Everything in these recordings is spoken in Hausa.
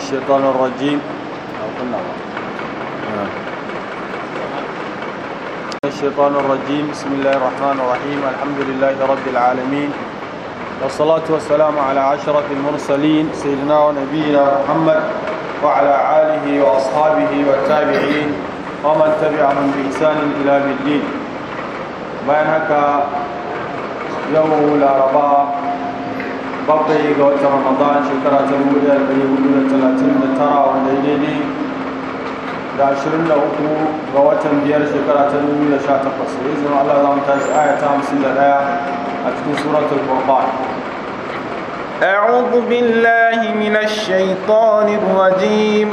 الشيطان الرجيم الشيطان الرجيم بسم الله الرحمن الرحيم الحمد لله رب العالمين والصلاة والسلام على عشرة المرسلين سيدنا ونبينا محمد وعلى آله وأصحابه والتابعين ومن تبعهم بإحسان إلى الدين بينك يوم رباه بابي غوث رمضان شكرا جمودا بيهود الثلاثين دترا وديديني داشرين لأكو غوث بير شكرا جمودا شاعت قصر إذن الله لهم تاج آية تامسين للآية أتكون سورة القرآن أعوذ بالله من الشيطان الرجيم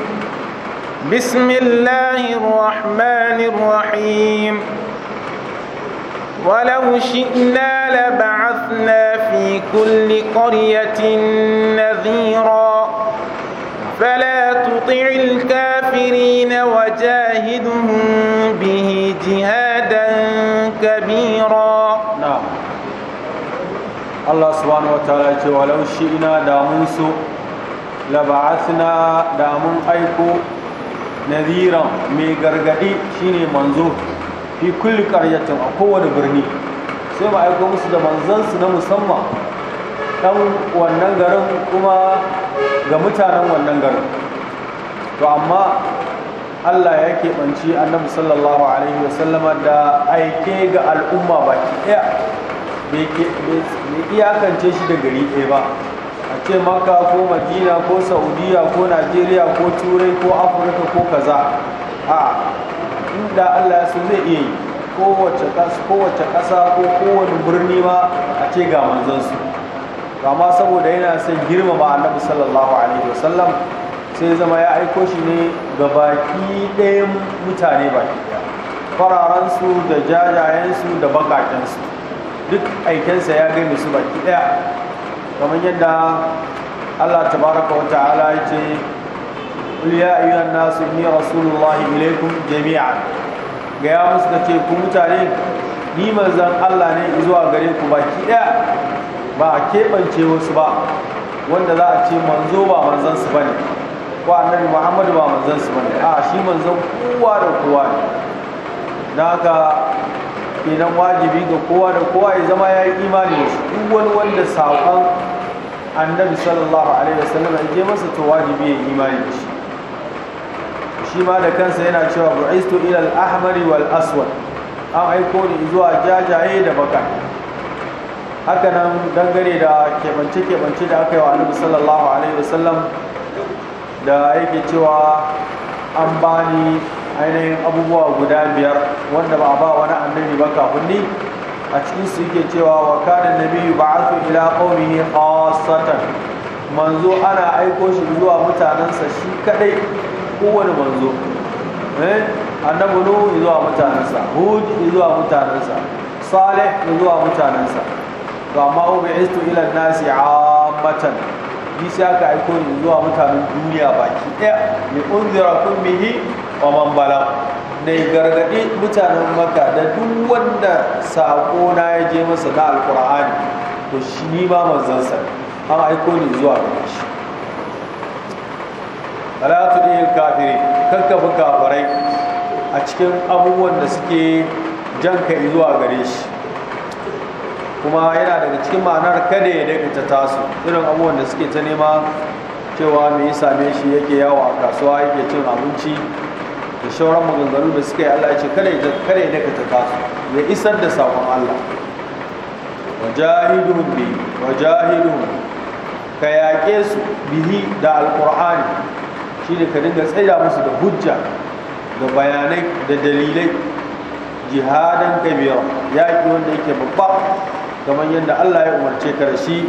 بسم الله الرحمن الرحيم ولو شئنا لبعث وبعثنا في كل قرية نذيرا فلا تطع الكافرين وجاهدهم به جهادا كبيرا نعم الله سبحانه وتعالى ولو شئنا داموس لبعثنا دامون أيكو نذيرا مي شيني منزور في كل قرية أقوى برني sai mu aiko musu da manzansu na musamman ɗan wannan garin kuma ga mutanen wannan garin to amma allah ya keɓanci annabi sallallahu alaihi wasallama da aike ga al'umma baki ɗaya bai iyakance shi da gari ɗaya ba a ce maka ko madina ko saudiya ko najeriya ko turai ko afirka ko kaza a inda allah ya so zai iya yi kowace ƙasa ko kowane birni ma a ce ga manzansu amma saboda yana son girmama annabi sallallahu alaihi wasallam sai zama ya aiko shi ne ga baki ɗayan mutane ba, fararen fararansu da jajayensu da bakakensu duk aikensa ya gami su baki ɗaya kamar yadda allah tabaraka wa ta'ala ya ce ya ayyuhan nasu ni rasulullahi ilaikum jami'an ga ya musu da ce ku mutane ni manzan Allah ne zuwa gare ku baki ɗaya ba a keɓance wasu ba wanda za a ce manzo ba manzan su bane ko annabi Muhammadu ba manzan su bane a shi manzan kowa da kowa ne don haka kenan wajibi ga kowa da kowa ya zama ya yi imani da su duk wani wanda saƙon annabi sallallahu alaihi wasallam ya je masa to wajibi ya yi imani da shi shi ma da kansa yana cewa bu'istu ila al-ahmari wal aswad an aiko ni zuwa jajaye da baka haka nan dangane da kebance kebance da aka yi wa annabi sallallahu alaihi wasallam da yake cewa an bani ainihin abubuwa guda biyar wanda ba a ba wani annabi ba kafin ni a cikin su yake cewa wa kana nabi ba'athu ila qaumihi khassatan manzo ana aiko shi zuwa mutanansa shi kadai kowane manzo eh, annabi nuhu zuwa mutanensa hud zuwa mutanensa salih zuwa mutanensa to amma ubi'istu ila nasi ammatan ni sai aka aiko ni zuwa mutanen duniya baki daya li unzira kun bihi wa man balag ne mutanen maka da duk wanda sako na ya je masa na alqur'ani to shi ni ba manzon sa an aiko ni zuwa mutanen ala tudil kafiri kakkafa kafirai a cikin abubuwan da suke jan kai zuwa gare shi kuma yana daga cikin ma'anar kada ya daga ta tasu irin abubuwan da suke ta nema cewa me ya same shi yake yawo a kasuwa yake cin abinci da shauran maganganu da suka yi Allah ya ce kada ya daga ta tasu ya isar da sakon Allah wajahiduhum bi ka yaƙe su bihi da Alƙur'ani. shine ka dinga tsaya musu da hujja da bayanai da dalilai jihadan kabira yaƙi wanda yake babba kamar yadda Allah ya umarce ka da shi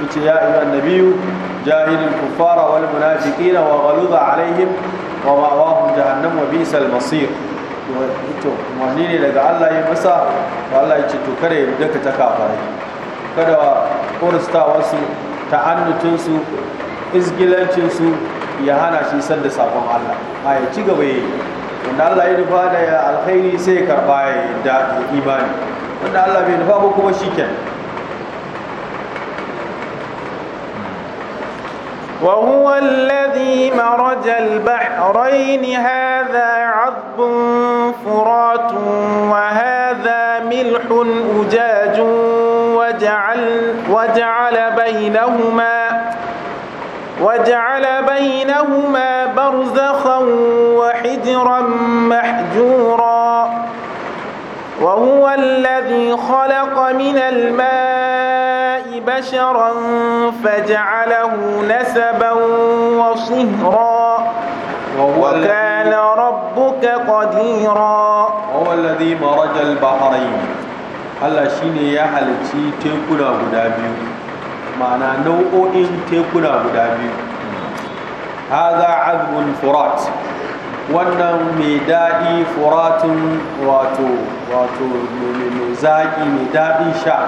yace ya ayyuha annabiyyu jahidil kuffara wal munafiqina wa ghaludha alaihim wa ma'awahum jahannam wa bi'sal masir to wani ne daga Allah ya masa Allah ya ce to kada ya daka ta kafare kada kurstawarsu ta'annutunsu izgilancinsu ya hana shi san sabon Allah a ya ci gaba yi wanda Allah ya nufa da ya alkhairi sai karba ya da imani wanda Allah bai nufa ba kuma shikenan وهو الذي مرج البحرين هذا عذب فرات وهذا ملح أجاج وجعل, وجعل بينهما وجعل بينهما برزخا وحجرا محجورا وهو الذي خلق من الماء بشرا فجعله نسبا وصهرا وكان ربك قديرا وهو الذي مرج البحرين Allah شيني يا هل tekuna guda biyu ma'ana nau'o'in tekuna guda biyu haza azbun furat wannan mai daɗi furatun wato wato mai zaƙi mai daɗin sha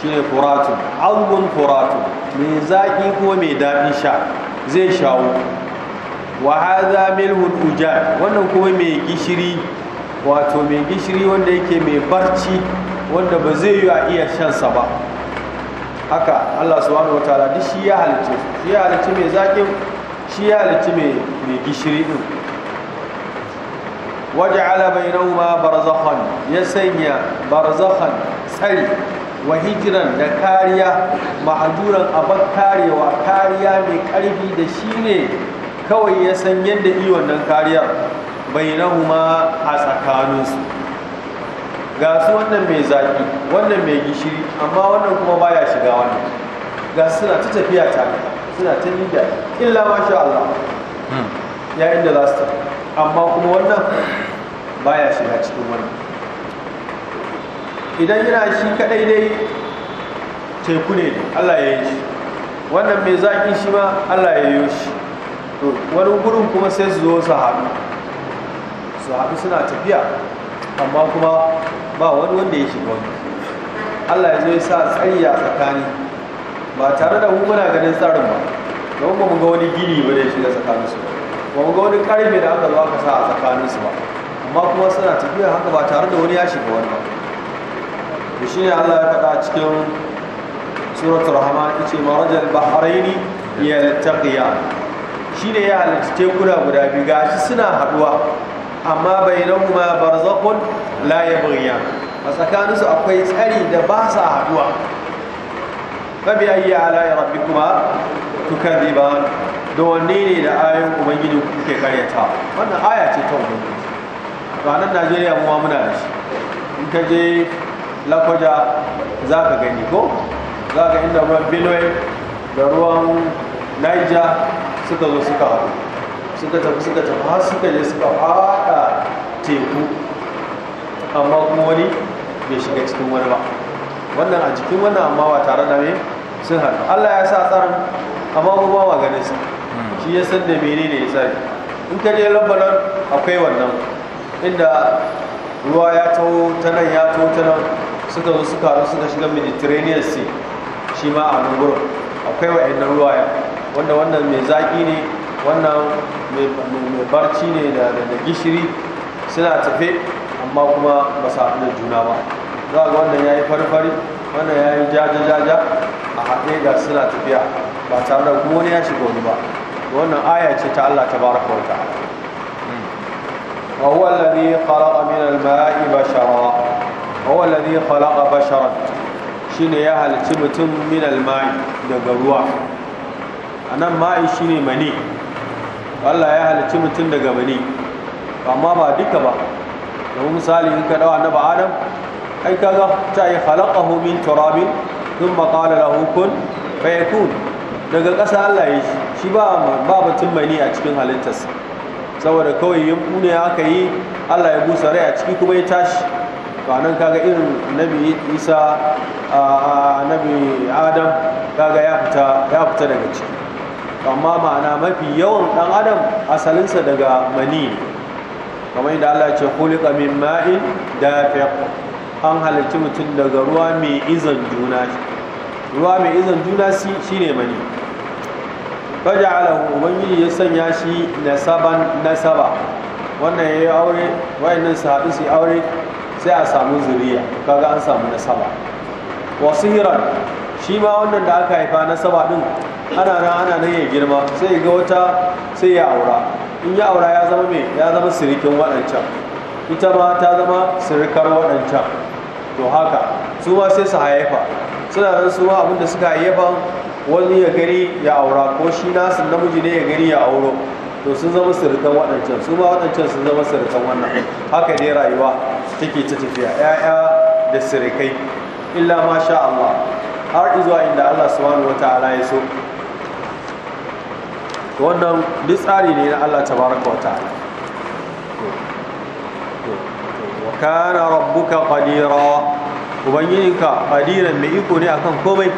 shi ne furatun azbun furatun mai zaƙi kuma mai daɗin sha zai shawo wa haza milhun ujar wannan kuma mai gishiri wato mai gishiri wanda yake mai barci wanda ba zai yi a iya shansa ba haka Allah subhanahu wataala duk shi ya halicce shi ya halicci mai zaƙin shi ya halicci mai gishiri din alabai rauma barzakhan ya sanya barzakhan tsari wa hijiran da kariya mahajuran abin karewa kariya mai karfi da shi ne kawai ya san yadda iya nan kariyar bainahuma a tsakaninsu ga su wannan mai zaki wannan mai gishiri amma wannan kuma baya shiga wannan ga suna ta tafiya ta suna ta nida illa masha Allah hmm. yayin da za su tafi amma kuma wannan baya shiga cikin wannan idan yana shi kadai dai teku ne Allah ya yi shi wannan mai zaki shi ma Allah ya yi shi wani gurin kuma sai su zo su haɗu su haɗu suna tafiya amma kuma ba wani wanda ya shiga wani Allah ya zo ya sa tsayya a tsakani ba tare da mu muna ganin tsarin ba don ba mu ga wani gini ba da ya shiga tsakanin su ba mu ga wani karfe da aka zo aka sa a tsakanin su ba amma kuma suna tafiya haka ba tare da wani ya shiga wani ba to ne Allah ya faɗa cikin suratul rahman yace marajal bahraini shi ne ya halitta tekuna guda biyu gashi suna haduwa amma bainahuma barzakhun la yabghiya a tsakaninsu akwai tsari da ba sa haduwa fa bi ayyi ala rabbikuma tukadiban da wanne ne da ayoyin ubangiji kuke karyata wannan aya ce ta ubangiji to a nan Najeriya mu muna da shi in ka je lakwaja za ka gani ko za ka inda ruwan Benue da ruwan Niger suka zo suka haɗu suka tafi suka tafi har suka je suka fara teku amma kuma wani bai shiga cikin wani ba wannan a jikin wannan amma ba tare da mai sun haɗu allah ya sa tsarin amma kuma ba ganin su shi ya san da mene ne ya tsari in ka je lambanar akwai wannan inda ruwa ya taho ta nan ya taho ta nan suka zo suka haɗu suka shiga mediterranean sea shi ma a nan gurin akwai wa'annan ruwaya wanda wannan mai zaƙi ne wannan mai barci ne da gishiri suna tafe amma kuma ba sa haɗu da juna ba za ga wannan ya yi farfari wannan ya yi jaja-jaja a haɗe ga suna tafiya ba tare da kuma wani ya shiga wani ba wannan aya ce ta Allah ta baraka wa ta'ala wa huwa alladhi khalaqa min al-ma'i bashara wa huwa alladhi khalaqa basharan shine ya halici mutum min al-ma'i daga ruwa anan ma'i shine mani Allah ya halici mutum daga mani amma ba duka ba domin misali in ka dawa annabi adam ai kaga ta yi khalaqahu min turabin thumma qala lahu kun fayakun daga ƙasa Allah ya yi shi ba ba batun mani a cikin halittarsa saboda kawai yanku ne aka yi Allah ya busa rai a ciki kuma ya tashi ba nan kaga irin nabi isa nabi adam kaga ya fita ya fita daga ciki amma ma'ana mafi yawan dan adam asalinsa daga mani ne kamar yadda Allah ce khuliqa min ma'in dafiq an halarci mutum daga ruwa mai izan juna ruwa mai izan juna shi ne mani faja'alahu ubangiji ya sanya shi nasaban nasaba wannan ya yi aure wayannan su haɗu su aure sai a samu zuriya kaga an samu nasaba hiran shi ma wannan da aka haifa nasaba din ana nan ana nan ya girma sai ga wata sai ya aura in ya aura ya zama mai ya zama sirikin waɗancan ita ma ta zama sirikar waɗancan to haka su ma sai su haifa suna nan su ma abinda suka haifa wani ya gari ya aura ko shi nasu namiji ne ya gari ya auro to sun zama sirikan waɗancan su ma waɗancan sun zama sirikan wannan haka dai rayuwa take ta tafiya ‘ya'ya da sirikai illa ma sha Allah har izuwa inda Allah subhanahu wataala ya so wannan duk tsari ne na Allah baraka wa ta'ala wa kana rabbuka qadira ubangijinka qadira mai iko ne akan komai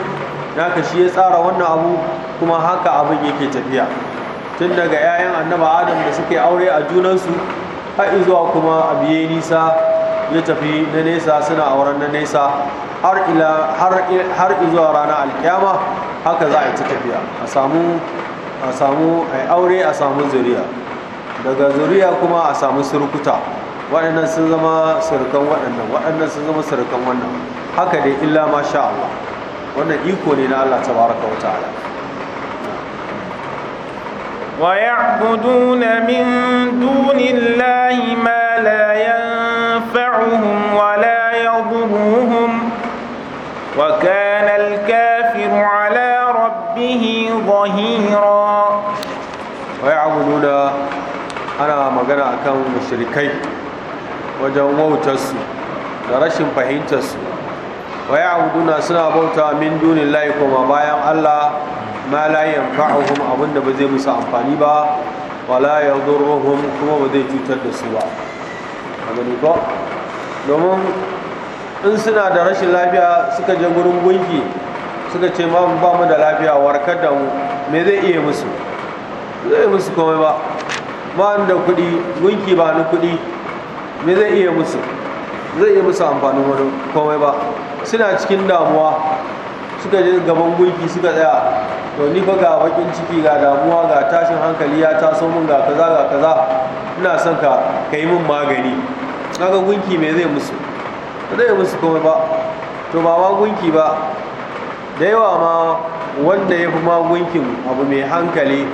naka shi ya tsara wannan abu kuma haka abin yake tafiya tun daga 'ya'yan annaba adam da suke aure a junansu har zuwa kuma abiye nisa ya tafi na nesa suna auren na nesa har zuwa ranar alkyama haka za a yi tafiya a samu a samu aure a samu zuriya daga zuriya kuma a samu surkuta waɗannan sun zama surukan waɗannan waɗannan sun zama surukan wannan haka dai illa ma sha Allah wannan iko ne na Allah tabaraka wa ta'ala ويعبدون من دون الله ما لا ينفعهم ولا يضرهم وكان الكافر على ربه ظهيرا ana magana akan mushrikai wajen wautarsu da rashin fahimtarsu wa ya'buduna suna bauta min dunin dunillahi kuma bayan Allah ma la yanfa'uhum abinda ba zai musu amfani ba wala yadurruhum kuma ba zai cutar da su ba gani ba domin in suna da rashin lafiya suka je gurin gunki suka ce ma ba mu da lafiya warkar da mu me zai iya musu zai musu komai ba ba da kuɗi gunki ba ni kuɗi me zai iya musu zai iya musu amfanin wani komai ba suna cikin damuwa suka je gaban gunki suka tsaya to ni fa ga bakin ciki ga damuwa ga tashin hankali ya taso min ga kaza ga kaza ina son ka ka yi min magani kaga gunki me zai musu ba zai musu komai ba to ba ma gunki ba da yawa ma wanda ya fi ma gunkin abu mai hankali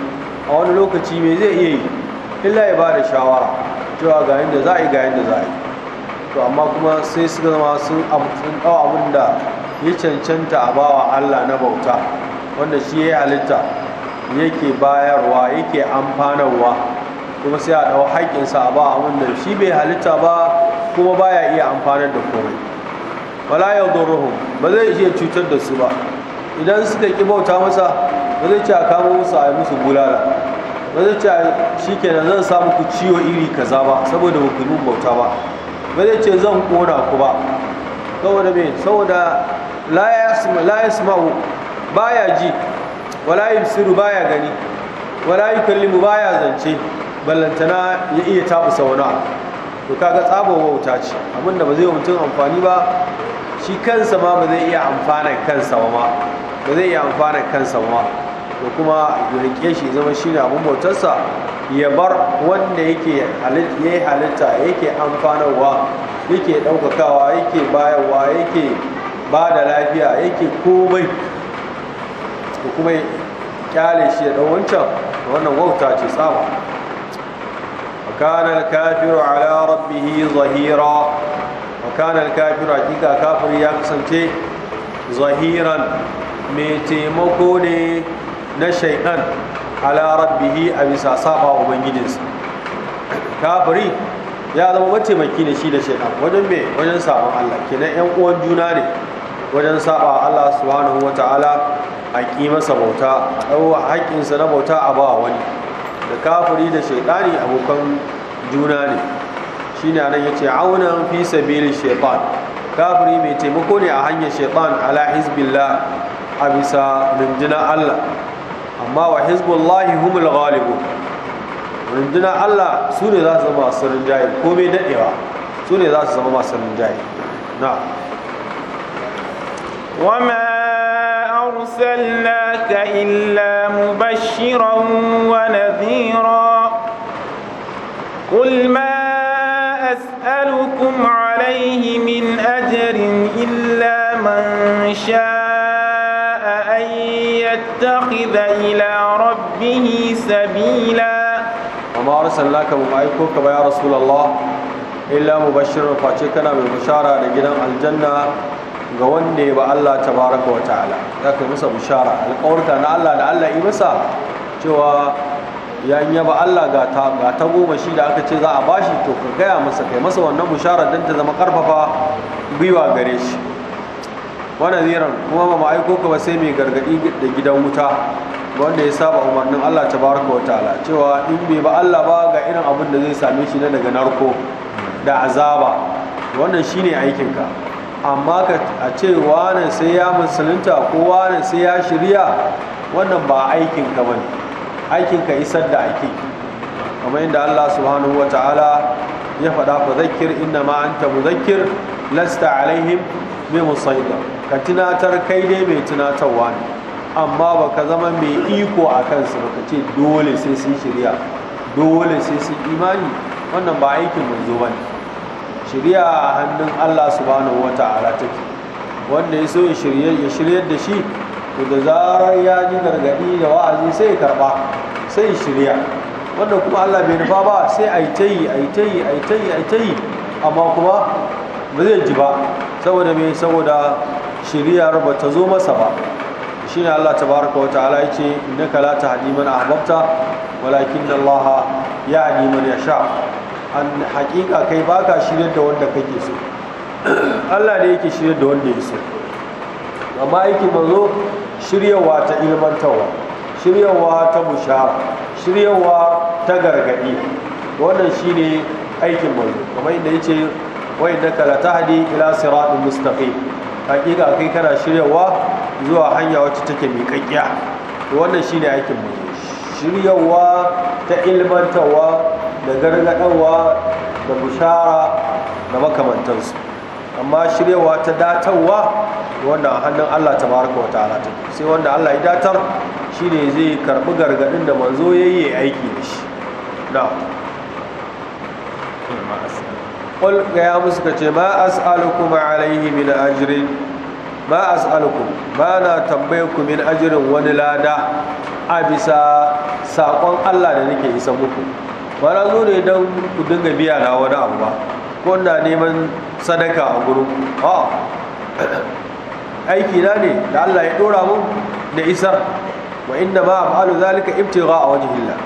a wani lokaci me zai iya yi illa ya ba da shawara cewa ga yadda za a yi ga yadda za a yi to amma kuma sai suka zama sun ɗau abin da ya cancanta a bawa allah na bauta wanda shi ya halitta yake bayarwa yake amfanarwa kuma sai a ɗau haƙƙinsa a ba abin da shi bai halitta ba kuma ba ya iya amfanar da komai wala don ruhu ba zai iya cutar da su ba idan suka ƙi bauta masa ba zai ci a kamo musu a yi musu bulala ba zai ce shi kenan zan samu ku ciwo iri kaza ba saboda ba ku bauta ba ba zai ce zan kora ku ba saboda mai saboda la ba ya ji siru ba ya gani wala ba ya zance ballantana ya iya tafi sauna to kaga tsaba wauta ce abinda ba zai wa mutum amfani ba shi kansa ma ba zai iya amfana kansa ba ma ba zai iya amfana kansa ba da kuma ya shi zama shi ne abin bautarsa ya bar wanda yake ya yi halitta yake amfanarwa yake ɗaukakawa yake bayarwa yake ba da lafiya yake komai da kuma kyale shi ya ɗau wancan wannan wauta ce tsaba وكان الكافر على ربه ظهيرا وكان الكافر حقيقة كافر يا كسنتي na shaidan ala rabbihi a bisa saba ubangijinsa kafiri ya zama mataimaki ne shi da shaidan wajen me wajen sabon Allah kenan yan uwan juna ne wajen saba Allah subhanahu wataala a ƙi masa bauta a ɗauwa haƙƙinsa na bauta a ba wani da kafiri da shaidani abokan juna ne shi ne nan ya ce aunan fi sabili shaitan kafiri mai taimako ne a hanyar shaitan ala hizbillah a bisa rundunar Allah amma wa hizbullahi humul ghalibu rundunar Allah su ne za su zama masu rinjaye komai daɗewa su ne za su zama masu rinjaye na wama أرسلناك إلا مبشرا ونذيرا قل Kulma أسألكم عليه من ajarin illa man شاء إلى ربه سبيلا وما أرسلناك مبعيكوك يا رسول الله إلا مبشرا فاتيكنا بالبشارة لجنة الجنة ga wanda ya ba Allah tabaraka wa ta'ala ya kai masa bishara alƙawarka na Allah da Allah yi masa cewa ya yaba Allah ga ta ga ta goma shi da aka ce za a bashi to ka gaya masa kai masa wannan bishara don ta zama karfafa gwiwa gare shi wannan ziran kuma ba aiko ka ba sai mai gargadi da gidan wuta wanda ya saba umarnin Allah ta tabaraka wa ta'ala cewa in bai ba Allah ba ga irin abin da zai same shi na daga narko da azaba wannan shine aikin ka amma ka a ce wannan sai ya musulunta ko wannan sai ya shirya wannan ba aikin ka bane aikin ka isar da ake kamar yadda Allah subhanahu wa ta'ala ya faɗa fa zakir inna ma anta muzakkir lasta alaihim mai musaida ka tunatar kai dai mai tunatarwa ne amma ba ka zama mai iko a kansu ba ka ce dole sai sun shirya dole sai sun imani wannan ba aikin manzo ba ne shirya a hannun allah subhanahu wata ta'ala take wanda ya so ya shirya da shi to da zarar ya ji gargadi da wa'azi sai ya karba sai ya shirya wanda kuma allah bai nufa ba sai a ta yi a ta yi amma kuma ba zai ji ba saboda mai saboda shiriyar ba ta zo masa ba shi ne Allah tabaraka wa ta'ala yace innaka la tahdi a ahbabta walakin Allah ya'ni ya sha an hakika kai baka shiryar da wanda kake so Allah ne yake shiryar da wanda ya so amma yake zo shiryawa ta ilmantarwa shiryawa ta bushara shiryawa ta gargadi wannan shi ne aikin manzo kamar inda ce. wai da kala ta hadi ila siratun mustaƙi hakika kai kana shiryawa zuwa hanya wacce take miƙaƙƙiya wannan shine aikin mu shiryawa ta ilmantawa da gargaɗarwa da bushara da makamantansu amma shiryawa ta datarwa wannan a hannun Allah ta baraka wa ta'ala ta sai wanda Allah ya datar shine zai karɓi gargadin da manzo yayi aiki da shi na'am qul ga ya musu kace ma as'alukum alaihi min ajrin ma as'alukum ba na tambaye ku min ajrin wani lada a bisa sakon Allah da nake isa muku ba zo ne don ku dinga biya na wani abu ba ko na neman sadaka a gurin a aiki na ne da Allah ya dora mun da isa, wa inda ma afalu zalika ibtigha a wajhillah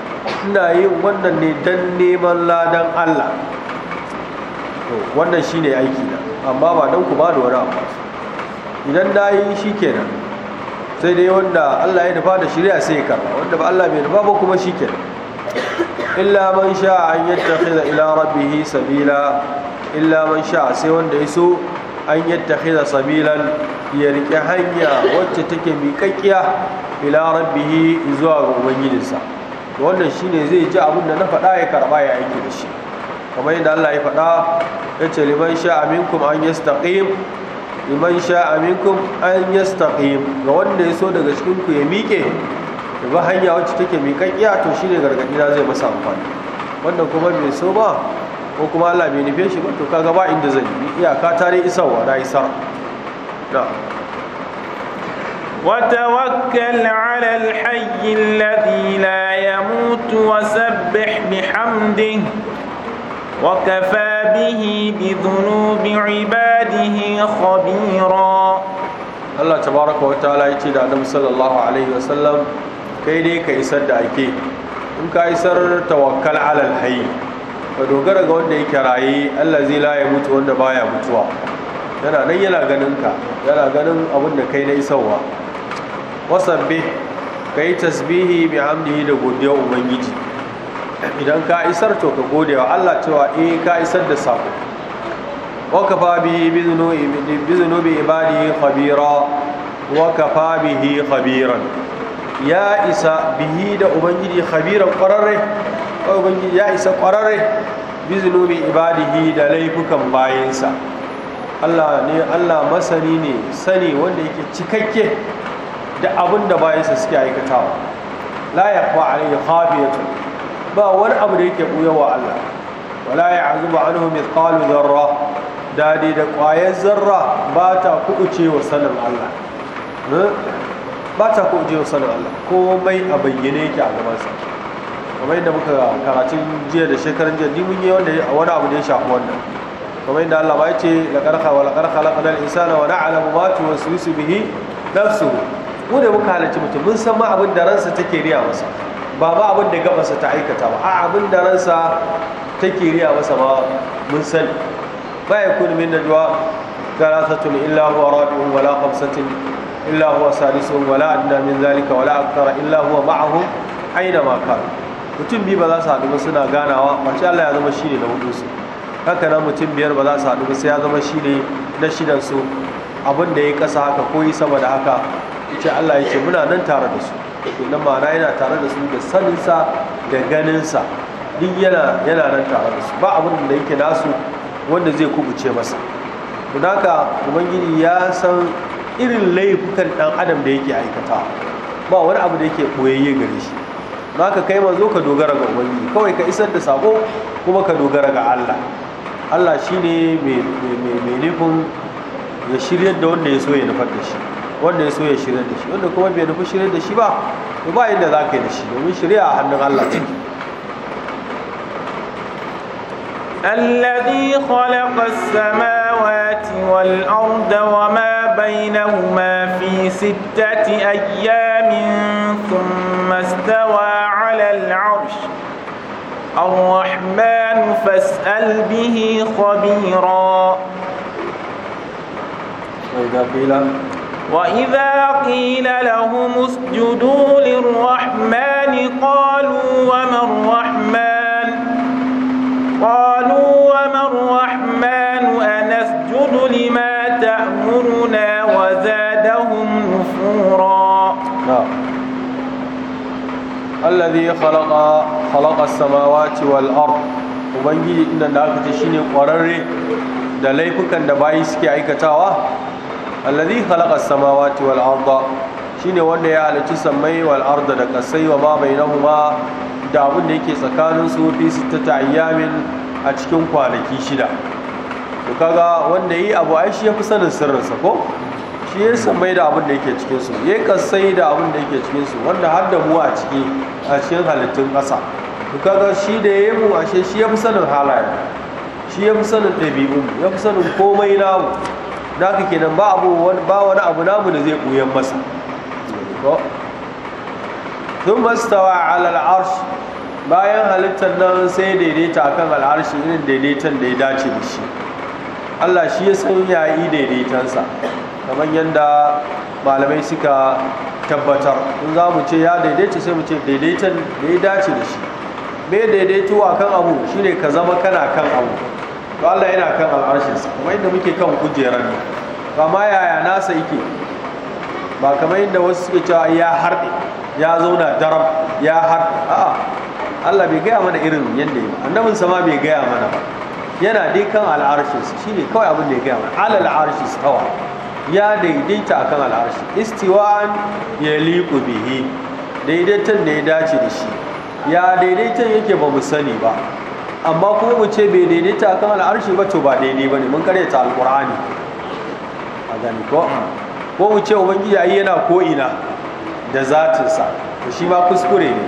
ina yin wannan ne dan neman ladan Allah wannan shi ne aiki na amma ba don ku ba da wani abu idan na yi shi kenan sai dai wanda Allah ya nufa da shirya sai ya karba wanda ba Allah mai nufa ba kuma shi kenan illa man sha an yattakhidha ila rabbih sabila illa man sha sai wanda ya so an yattakhidha sabilan ya rike hanya wacce take miƙaƙiya ila rabbih zuwa ga ubangijinsa wannan shine zai ji abin da na faɗa ya karɓa ya aiki da shi kamar yadda Allah ya faɗa ya ce liman sha aminkum an yastaqim liman sha aminkum an yastaqim ga wanda ya so daga cikinku ya miƙe ya ba hanya wacce take miƙaƙƙiya to shine gargaɗi na zai masa amfani wanda kuma bai so ba ko kuma Allah bai nufe shi ba to kaga ba inda zai yi iyaka ta dai isarwa na isa na وتوكل على الحي الذي لا يموت وسبح بحمده وكفى به بذنوب عباده خبيرا الله تبارك وتعالى يتي da adamu sallallahu alaihi wasallam kai dai ka isar da ake in ka isar tawakkal alal ka dogara ga wanda yake raye allazi zai ya mutu wanda baya mutuwa yana nan yana ganin ka yana ganin abin da kai na isarwa wasabbi kai tasbihi bi hamdihi da godiyar ubangiji idan ka isar to ka gode wa Allah cewa eh ka isar da sako wa kafa bihi bi ibadi khabira wa kafa bihi khabiran ya isa bihi da ubangiji khabiran kwararre ubangiji ya isa kwararre bi ibadihi da laifukan bayansa Allah ne Allah masani ne sani wanda yake cikakke da abin da bayansa suke aikatawa la yaqwa alayhi khabiyatun ba wani abu da yake buya wa Allah wala ya'zubu anhu mithqalu dharra dadi da ƙwayar zarra ba ta kuɓuce wa sanin Allah hmm? ba ta kuɓuce wa sanin Allah komai a bayyane yake a gabansa kamar yadda muka karatun jiya da shekarun jiya mun yi wani abu da ya shafi wannan kamar yadda Allah ba ya ce laƙarƙa wa laƙarƙa laƙadar insana wa na'lamu ma tu wasu bihi nafsuhu mu da muka halarci mutum mun san ma abin da ransa take riya masa ba ba abin da gabasa ta aikata ba a abin da ransa ta kiriya masa ba mun sani ba ya kuni min najwa thalathatun illa huwa rabi'un wala khamsatin illa huwa salisun wala adna min zalika wala akthara illa huwa ma'ahum aina ma kana mutum biyu ba za su haɗu ba suna ganawa mace Allah ya zama shi ne na hudu su haka nan mutum biyar ba za su haɗu ba sai ya zama shi ne na shidan su abin da ya kasa haka ko yi sama da haka ita Allah ya ce muna nan tare da su kenan ma'ana yana tare da su da saninsa da ganinsa duk yana yana nan tare da su ba abin da yake nasu wanda zai kubuce masa don haka ubangiji ya san irin laifukan dan adam da yake aikata ba wani abu da yake koyayye gare shi don haka kai zo ka dogara ga ubangiji kawai ka isar da sako kuma ka dogara ga Allah Allah shine mai nufin ya shiryar da wanda ya so ya nufar da shi wanda ya so ya shirya da shi wanda kuma bai nufi shirya da shi ba to ba inda za ka yi da shi domin shirya a hannun Allah ce الذي خلق السماوات والأرض وما بينهما في ستة أيام ثم استوى على العرش الرحمن فاسأل به خبيرا وإذا قيل وإذا قيل لهم اسجدوا للرحمن قالوا وما الرحمن قالوا وما الرحمن أنسجد لما تأمرنا وزادهم نفورا نعم. الذي خلق خلق السماوات والأرض ubangiji inda da aka ce shine kwararre da laifukan da bayi alladhi khalaqa as-samawati wal arda shine wanda ya halicci samai wal arda da kasai wa ma bainahuma da abin da yake tsakanin su fi sittata ayyamin a cikin kwanaki shida to kaga wanda yi abu ai shi yafi sanin sirrinsa ko shi ya samai da abin da yake cikin su ya kasai da abin da yake cikin su wanda har da mu a ciki a cikin halittun ƙasa to kaga shi da yayi mu ashe shi yafi sanin halaye shi yafi sanin ɗabi'un yafi sanin komai namu da haka kenan ba ba wani abu namu da zai koyan masa sun mastawa alal arshi bayan halittar nan sai daidaita akan al'arshi irin daidaitan da ya dace da shi Allah shi ya san yayi daidaitansa kamar yadda malamai suka tabbatar in za mu ce ya daidaita sai mu ce daidaitan da ya dace da shi mai daidaito akan abu shine ka zama kana kan abu to Allah yana kan al'arshinsa kuma inda muke kan kujerar ne ba ma yaya nasa yake ba kamar inda wasu suke cewa ya harɗe ya zauna daram ya harɗe a'a Allah bai gaya mana irin yadda yi annabin sama bai gaya mana ba yana dai kan al'arshinsa shine kawai abin da ya gaya mana alal arshi stawa ya daidaita akan al'arshi istiwan ya liku bihi daidaitan da ya dace da shi ya daidaitan yake ba mu sani ba amma kuma mu ce bai daidaita kan al'arshi ba to ba daidai ba ne mun karyata alkur'ani a gani ko ko mu ce ubangiji ayi yana ko'ina da zatinsa to shi ma kuskure ne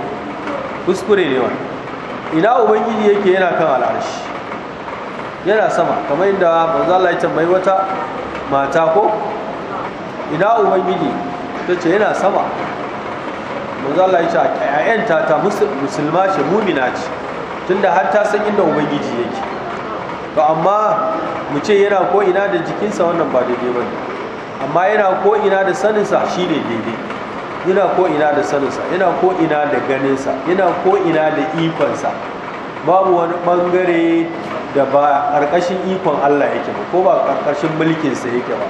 kuskure ne wani ina ubangiji yake yana kan al'arshi yana sama kamar yadda manzo Allah ya tambayi wata mata ko ina ubangiji ta ce yana sama manzo Allah ya ce a 'ya'yanta ta musulma ce mumina ce tunda har ta san inda ubangiji yake to amma mu ce yana ko ina da jikinsa wannan ba daidai ba amma yana ko ina da saninsa shi ne daidai yana ko ina da saninsa yana ko ina da ganinsa yana ko ina da ikonsa babu wani bangare da ba ƙarƙashin ikon Allah yake ba ko ba ƙarƙashin mulkinsa yake ba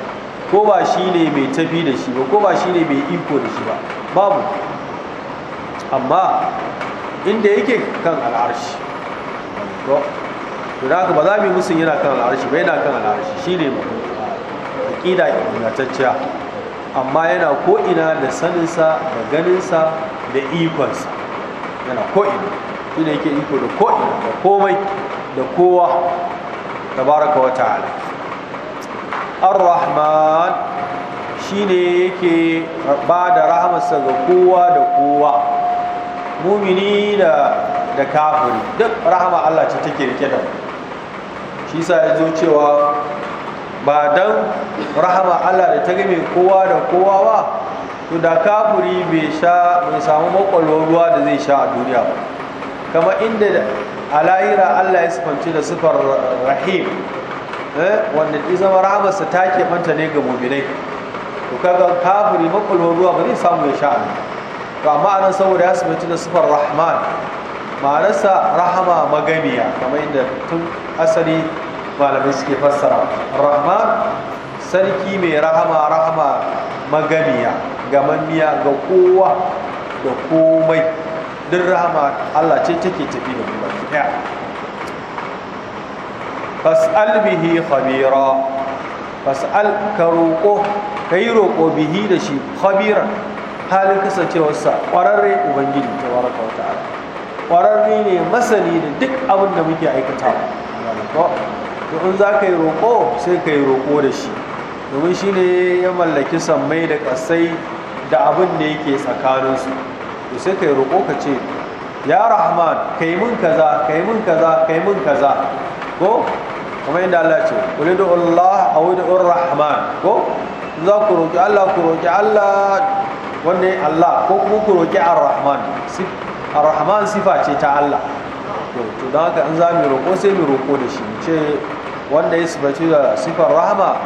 ko ba shi ne mai tafi da shi ba ko ba shi ne mai iko da shi ba babu amma inda yake kan al'arshi ko to da haka ba za mu yi musun yana kan al'arshi ba yana kan al'arshi shi ne a ƙida ingantacciya amma yana ko'ina da saninsa da ganinsa da ikonsa yana ko'ina shi ne yake iko da ko'ina da komai da kowa da baraka wata ta'ala ar-rahman shi ne yake ba da rahamarsa ga kowa da kowa mumini da da kafiri duk rahama Allah ce take rike da shi sa ya zo cewa ba dan rahama Allah da ta game kowa da kowa ba to da kafiri bai sha bai samu makwalwar ruwa da zai sha a duniya ba kama inda alayira Allah ya sifanci da sifar rahim eh, wanda ya zama rahamarsa ta manta ne ga muminai to kaga kafiri makwalwar ruwa ba zai samu ya sha a duniya to amma saboda ya sumaitu da sifar rahman ma'anarsa rahama maganiya kamar inda tun asali malamai suke fassara rahman sarki mai rahama rahama maganiya gamammiya ga kowa da komai duk rahama Allah ce take tafi da kuma ya fas'al bihi khabira fas'al ka roƙo ka yi roƙo bihi da shi khabiran halin kasancewarsa kwararre ubangiji ta baraka wa ta'ala Kwararre ne masani da duk abin da muke Ko to in za ka yi roƙo sai ka yi roƙo da shi domin shi ne ya mallaki sammai da ƙasai da abin da yake tsakaninsu to sai ka yi roƙo ka ce ya rahman ka yi min kaza ka yi min kaza ka yi min kaza ko kuma inda Allah ce kuli da Allah a wani rahman ko za ku roƙi Allah ku roƙi Allah wannan Allah ko kuma ku roƙi ar-rahman ar-rahman sifa ce ta Allah to don haka in za mu roƙo sai mu roƙo da shi ce wanda ya sifatu da sifar rahama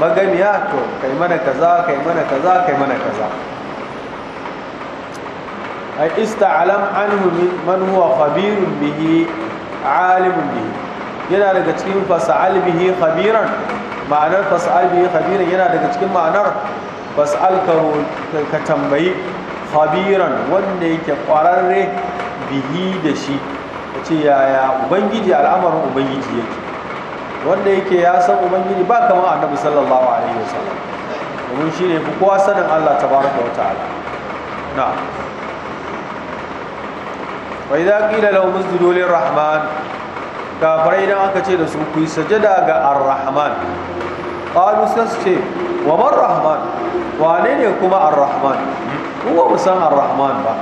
magamiya to kai mana kaza kai mana kaza kai mana kaza ay ista'lam anhu man huwa khabirun bihi alimun bihi yana daga cikin fasal bihi khabiran ma'anar fasal bihi khabiran yana daga cikin ma'anar fas'alkahu ka tambayi khabiran wanda yake kwararre bihi da shi a ce yaya ubangiji al'amarin ubangiji yake wanda yake ya san ubangiji ba kamar annabi sallallahu alaihi wasallam domin shi ne kowa sanin Allah tabaraka wa ta'ala na wa idza qila lahum isjudu lirrahman kafirai idan aka ce da su ku yi sajada ga ar-rahman qalu sai ce wa rahman wane ne kuma ar-rahman kuma mu san ar-rahman ba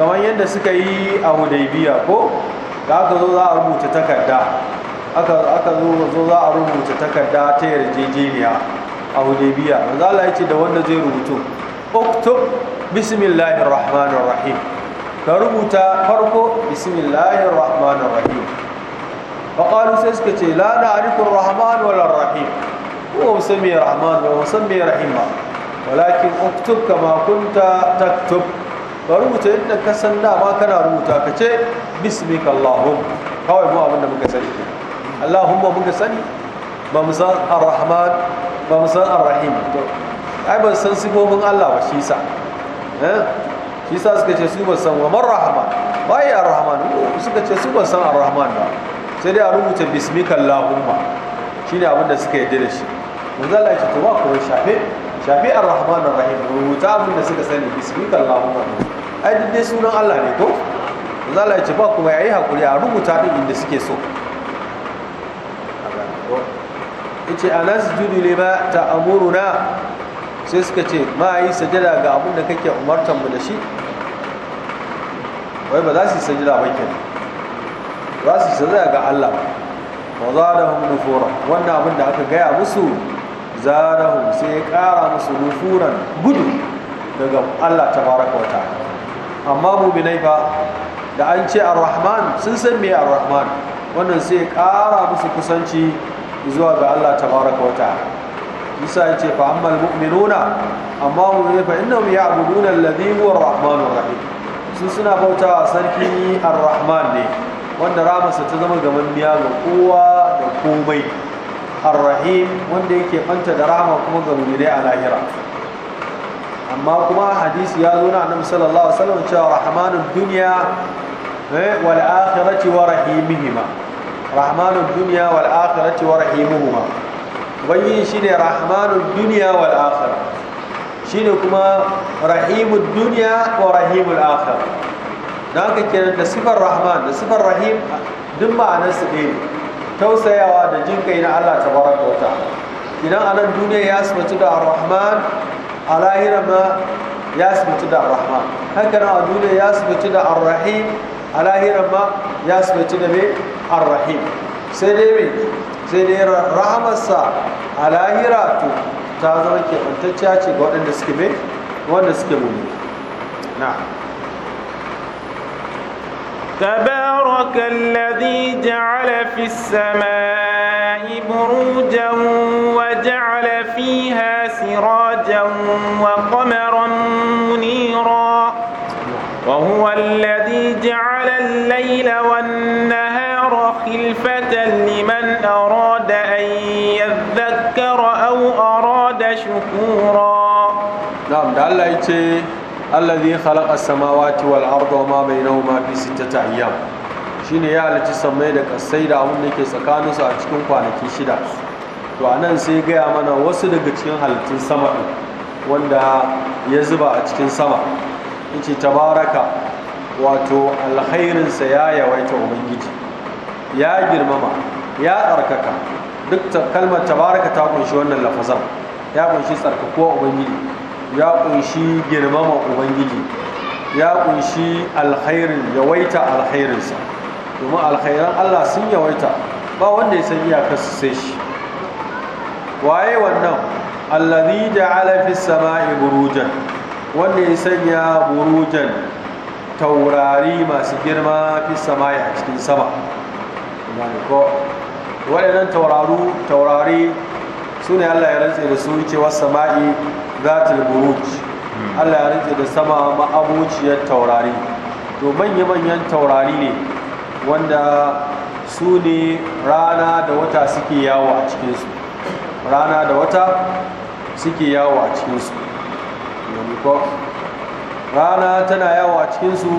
kamar yadda suka yi a hudaybiya ko da aka zo za a rubuta takarda aka zo za a rubuta takarda ta yarjejeniya a hudaybiya manzo Allah ya ce da wanda zai rubutu uktub bismillahir rahmanir rahim ka rubuta farko bismillahir rahmanir rahim فقالوا سيسكتي لا نعرف الرحمن ولا الرحيم هو مسمي الرحمن ومسمي ba. walakin uktub kama kunta taktub ka rubuta yadda ka san dama kana rubuta ka ce bismika allahum kawai mu abinda muka sani allahumma muka sani ba mu san ar-rahman ba mu san ar-rahim to ai ban san sifofin Allah ba shi sa eh shi sa suka ce su ban san wa man rahman yi ar-rahman suka ce su ban san ar-rahman ba sai dai a rubuta bismika allahumma shine abinda suka yadda da shi manzo Allah ya ce to ba ku shafe shafi ar-rahman ar-rahim rubuta abin da suka sani bismika allahumma ai duk dai sunan Allah ne ko za a ya ce ba kuma ya yi hakuri a rubuta din inda suke so A ce ne ba ta amuru na sai suka ce ma yi sajada ga abin da kake umartar mu da shi wai ba za su yi sajada ba ke za su yi sajada ga Allah ba za da hannun fura wannan abin da aka gaya musu zarahu sai ya kara musu nufuran gudu daga Allah ta fara ta'ala amma mu'minai ba da an ce ar-rahman sun san me ar-rahman wannan sai ya kara musu kusanci zuwa ga Allah ta fara ta'ala Isa ya ce fa mu'minuna amma mu'minai fa innahum ya'buduna alladhi huwa ar-rahmanur rahim sun suna bauta sarki ar-rahman ne wanda ramarsa ta zama gaban miya ga kowa da komai ar wanda yake fanta da rahama kuma ga mu'minai a lahira amma kuma hadisi ya zo na annabi sallallahu alaihi wasallam cewa rahmanin duniya eh, wal akhirati wa rahimihima rahmanin duniya wal akhirati wa rahimuhuma ubangiji shine rahmanin duniya wal akhirah shine kuma rahimud duniya wa rahimul kenan da sifar rahman da sifar rahim duk ma'anar su tausayawa da jin kai na Allah ta wa ta'ala idan a nan duniya ya sifatu da rahman a lahira ma ya sifatu da rahman haka nan a duniya ya sifatu da arrahim a lahira ma ya sifatu da me arrahim sai dai me sai dai rahamarsa a lahira to ta zama keɓantacciya ce ga waɗanda suke me wanda suke muni na'am تبارك الذي جعل في السماء بروجا وجعل فيها سراجا وقمرا منيرا وهو الذي جعل الليل والنهار خلفة لمن أراد أن يذكر أو أراد شكورا نعم ده الله allazi khalaqa as-samawati wal arda wa ma bainahuma fi sittati ayyam shine ya halicci sammai da kasai da abun da ke tsakanin su a cikin kwanaki shida to anan sai gaya mana wasu daga cikin halittun sama din wanda ya zuba a cikin sama yace tabaraka wato alkhairin sa ya yawaita ubangiji ya girmama ya tsarkaka duk kalmar tabaraka ta kunshi wannan lafazan ya kunshi tsarkakuwa ubangiji ya kunshi girmama ubangiji ya kunshi alkhairin yawaita alkhairinsa domin alkhairan allah sun yawaita ba wanda ya san iyakarsu sai shi waye wannan allazi ja'ala fis sama'i burujan wanda ya sanya burujan taurari masu girma fis sama'i a cikin sama waɗannan taurari taurari su ne Allah ya rantse da su wasu sama'i zatul buruj Allah ya rantse da sama ma'abuciyar taurari to manya-manyan taurari ne wanda su ne rana da wata suke yawo a cikinsu rana da wata suke yawo a cikinsu rana tana yawo a cikinsu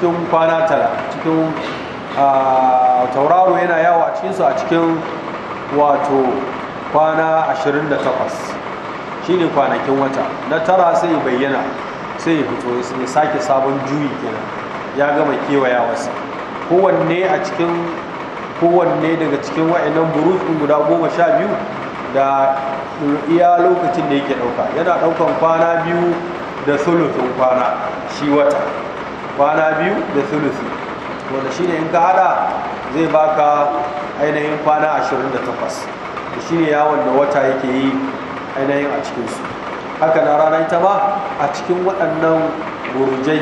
cikin kwana tara cikin ah, tauraro yana yawo a cikinsu a cikin wato kwana 28 shine kwanakin wata na tara sai bayyana sai ya fito ya sake sabon juyi kenan ya gama wasu kowanne a cikin kowanne daga cikin wa'annan burutun guda goma sha biyu da iya lokacin da yake ɗauka yana ɗaukan kwana biyu da sulutun kwana shi wata kwana biyu da sulutun wanda shine in ka hada zai baka ainihin kwana 28 shine yawon da wata yake yi ainihin a cikinsu haka na rana ita ba a cikin waɗannan burjai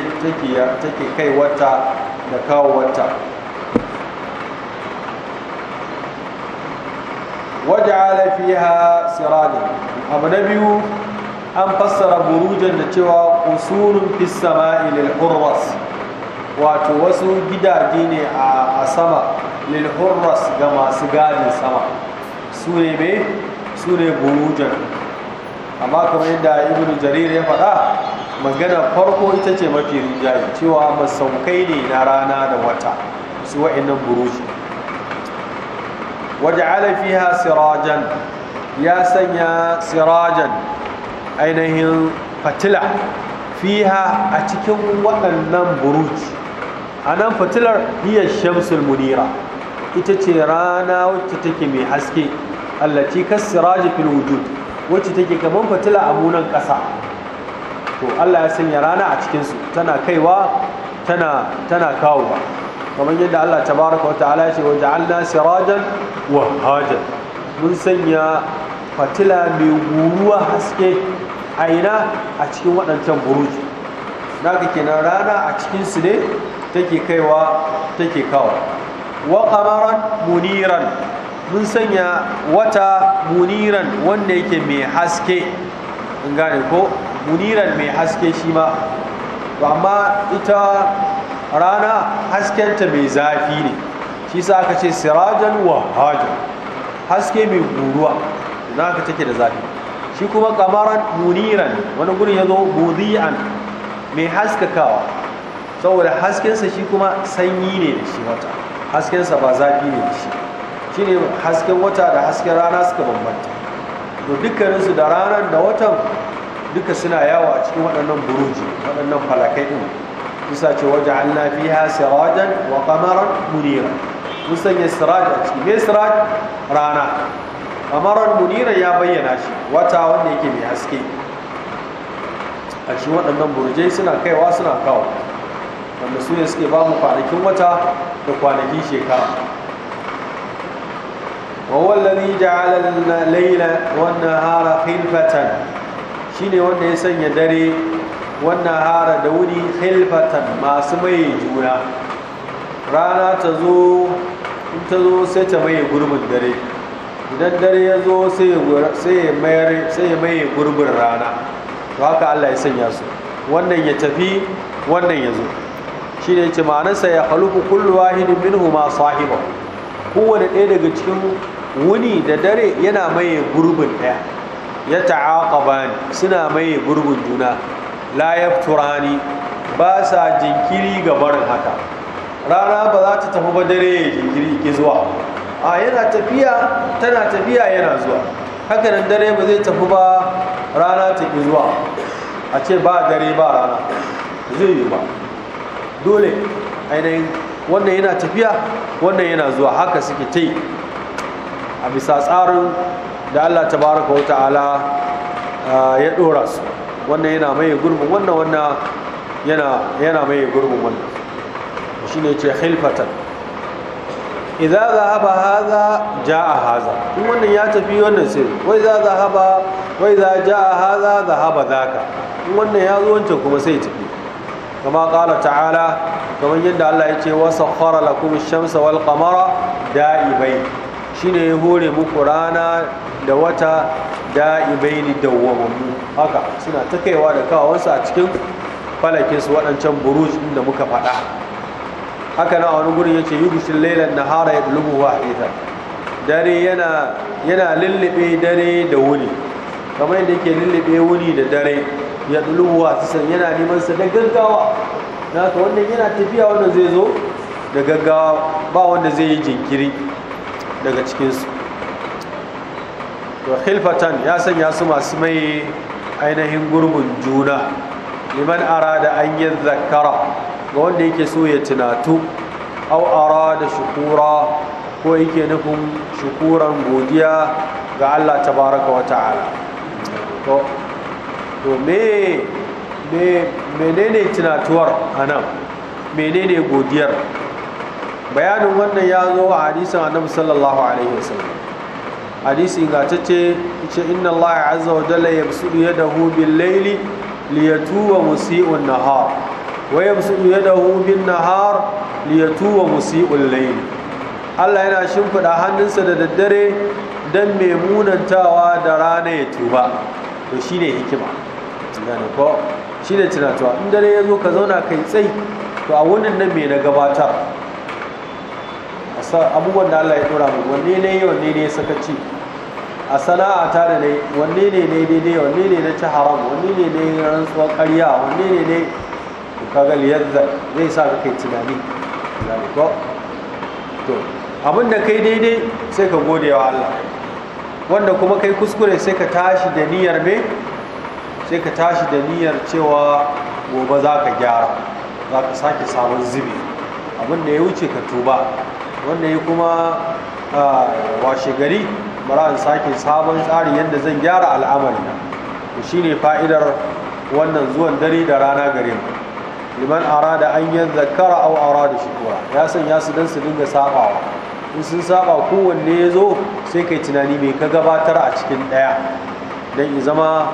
take kai wata da kawo wata alafi ha sirajan abu na biyu an fassara burujan da cewa usulun fis sama'i wato wasu gidaje ne a sama lil ga masu gadin sama su ne mai su ne burujan amma kamar yadda ibn jarir ya faɗa maganar farko ita ce mafi rinjaye cewa masaukai ne na rana da wata su wa'annan buruji waja'ala fiha sirajan ya sanya sirajan ainihin fatila fiha a cikin waɗannan buruji a nan fatilar hiyar shamsul munira ita ce rana wacce take mai haske allati kasiraji fil wujud wacce take kaman fitila a munan ƙasa to Allah ya sanya rana a cikinsu tana kaiwa tana tana kawowa kamar yadda Allah tabaraka wa ya ce wa ja'alna sirajan wa hajan mun sanya fatila mai guruwa haske aina a cikin waɗancan buruji naka kenan rana a cikinsu ne take kaiwa take kawo wa qamaran muniran mun sanya wata muniran wanda yake mai haske in gane ko muniran mai haske shi ma amma ita rana haskenta mai zafi ne shi sa aka ce sirajan wahajan haske mai guruwa za ka take da zafi shi kuma kamaran muniran wani gurin ya zo budi'an mai haskakawa saboda haskensa shi kuma sanyi ne da shi wata haskensa ba zafi ne da shi shine hasken wata da hasken rana suka bambanta to dukkaninsu da ranar da watan duka suna yawo a cikin waɗannan buruji waɗannan falakai ɗin bisa ce waje Allah ha sirajan wa kamaran munira mun sanya siraj a ciki me siraj rana kamaran munira ya bayyana shi wata wanda yake mai haske a cikin waɗannan burjai suna kaiwa suna kawo wanda su ne suke ba mu kwanakin wata da kwanakin shekara wa ladi ja'ala al Laila wannan an-nahara khilfatan shine wanda ya sanya dare wannan an da wuri khilfatan masu mai juna rana ta zo in ta zo sai ta maye gurbin dare idan dare ya zo sai ya maye gurbin rana to haka Allah ya sanya su wannan ya tafi wannan ya zo shine yace ma'anarsa ya khalaqu kullu wahidin minhu ma sahibahu kowane ɗaya daga cikin wuni da dare yana maye gurbin ɗaya ya ta'aqaba suna maye gurbin juna la yafturani ba sa jinkiri ga barin haka rana ba za ta tafi ba dare jinkiri ke zuwa a yana tafiya tana tafiya yana zuwa haka nan dare ba zai tafi ba rana ta ke zuwa a ce ba dare ba rana zai yi ba dole ainihin wannan yana tafiya wannan yana zuwa haka suke ta yi a bisa tsarin da allah baraka wa ta'ala uh, ya dora su wannan yana mai gurbin wannan wannan yana mai gurbin wannan shi ne ce hilfatan idan za haɓa haza ja a haza in wannan ya tafi wannan sai wai za a haɓa wai za ja a haza za haɓa za ka in wannan ya zo wancan kuma sai tafi kama ƙala ta'ala kamar yadda allah ya ce wasa kwara kuma shamsa wal kamara da'ibai shine ya hore muku rana da wata da dawwamammu haka suna ta kaiwa da kawansu a cikin falakinsu, waɗancan buruj inda da muka faɗa haka na wani gurin yace gushin lailan nahara a ita. dare yana lullube dare da wuni kamar yadda yake lullube wuni da dare ya duluwa sisan yana neman sa da gaggawa na ka wannan yana tafiya wannan zai zo da gaggawa ba wanda zai yi jinkiri daga cikinsu to khilfatan ya sanya su masu mai ainihin gurbin juna liman arada an yi zakara ga wanda yake so ya tunatu au arada shukura ko yake nufin shukuran godiya ga allah tabaraka wa ta'ala to me menene tunatuwar a menene godiyar bayanin wannan ya zo a hadisin annabi sallallahu alaihi wasallam hadisi ta ce inna Allah azza wa jalla da hubin bil layli musu musii'un nahar wa ya yabsudu da hubin nahar musu musii'ul laili Allah yana shimfiɗa hannunsa da daddare don mai munantawa da rana ya tuba to ne hikima shi ko tunatuwa in dare ya zo ka zauna kai tsayi to a wannan nan me na gabatar abubuwan da Allah ya dora mu wanne ne wanne ne sakaci a sana'a ta da ne wanne ne ne daidai wanne ne na ci haram wanne ne ne rantsuwar karya wanne ne ne ga yadda zai sa kai tunani ko to abin da kai daidai sai ka gode wa Allah wanda kuma kai kuskure sai ka tashi da niyyar me sai ka tashi da niyyar cewa gobe za ka gyara za ka sake sabon zubi abin da ya wuce ka tuba wanda ya kuma washe gari bara in sake sabon tsari yadda zan gyara al'amari na to shine fa'idar wannan zuwan dare da rana gare mu liman arada an yi zakara au arada shukura ya sanya su dan su dinga sabawa in sun saba kowanne ya zo sai kai tunani mai ka gabatar a cikin ɗaya don in zama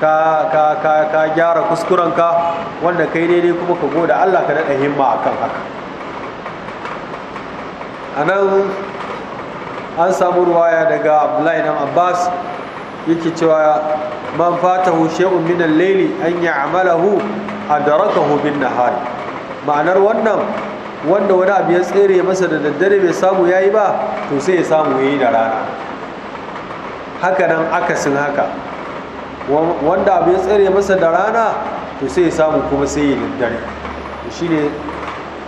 ka gyara kuskurenka wanda kai daidai kuma ka gode allah ka daɗa himma akan haka a nan an samu ruwaya daga abdullahi dan abbas yake cewa man fatahu shay'un min al-layli an ya'malahu adrakahu bin nahar ma'anar wannan wanda wani abu ya tsere masa da daddare bai samu yayi ba to sai ya samu yayi da rana haka nan akasin haka wanda abu ya tsere masa da rana to sai ya samu kuma sai ya daddare shine